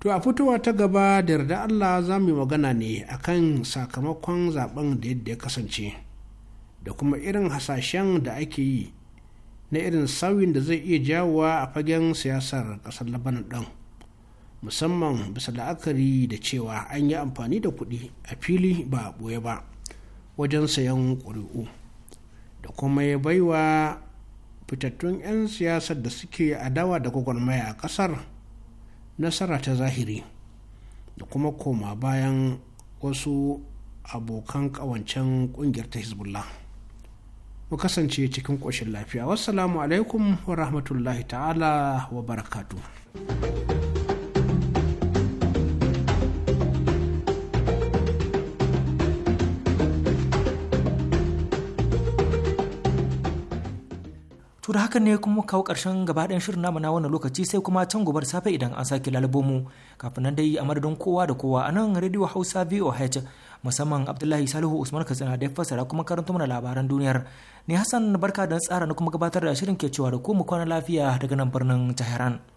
to a fitowa ta gaba da yarda allah za mu yi magana ne akan sakamakon zaben da yadda ya kasance da kuma irin hasashen da ake yi na irin sauyin da zai iya jawowa a fagen siyasar ƙasar labanan ɗin musamman bisa la'akari da cewa an yi amfani da kuɗi a fili ba a ɓoye ba wajen sayan ƙuri'u da kuma ya baiwa fitattun 'yan siyasar da suke adawa da gwagwarmaya a ƙasar nasara ta zahiri da kuma koma bayan wasu abokan ƙawancen ƙungiyar ta hezbollah mu kasance cikin ƙoshin lafiya wassalamu alaikum wa rahmatullahi ta'ala wa barakatu. tura da hakan ne kuma kawo ƙarshen gabaɗayan shirin namu na lokaci sai kuma can gobar safe idan an sake lalubo mu kafin nan dai a madadin kowa da kowa a nan radio Hausa VOH musamman Abdullahi Salihu Usman Katsina da ya fassara kuma karanta mana labaran duniyar. Ni Hassan barka da tsara na kuma gabatar da shirin ke cewa da ku mu kwana lafiya daga nan birnin Tehran.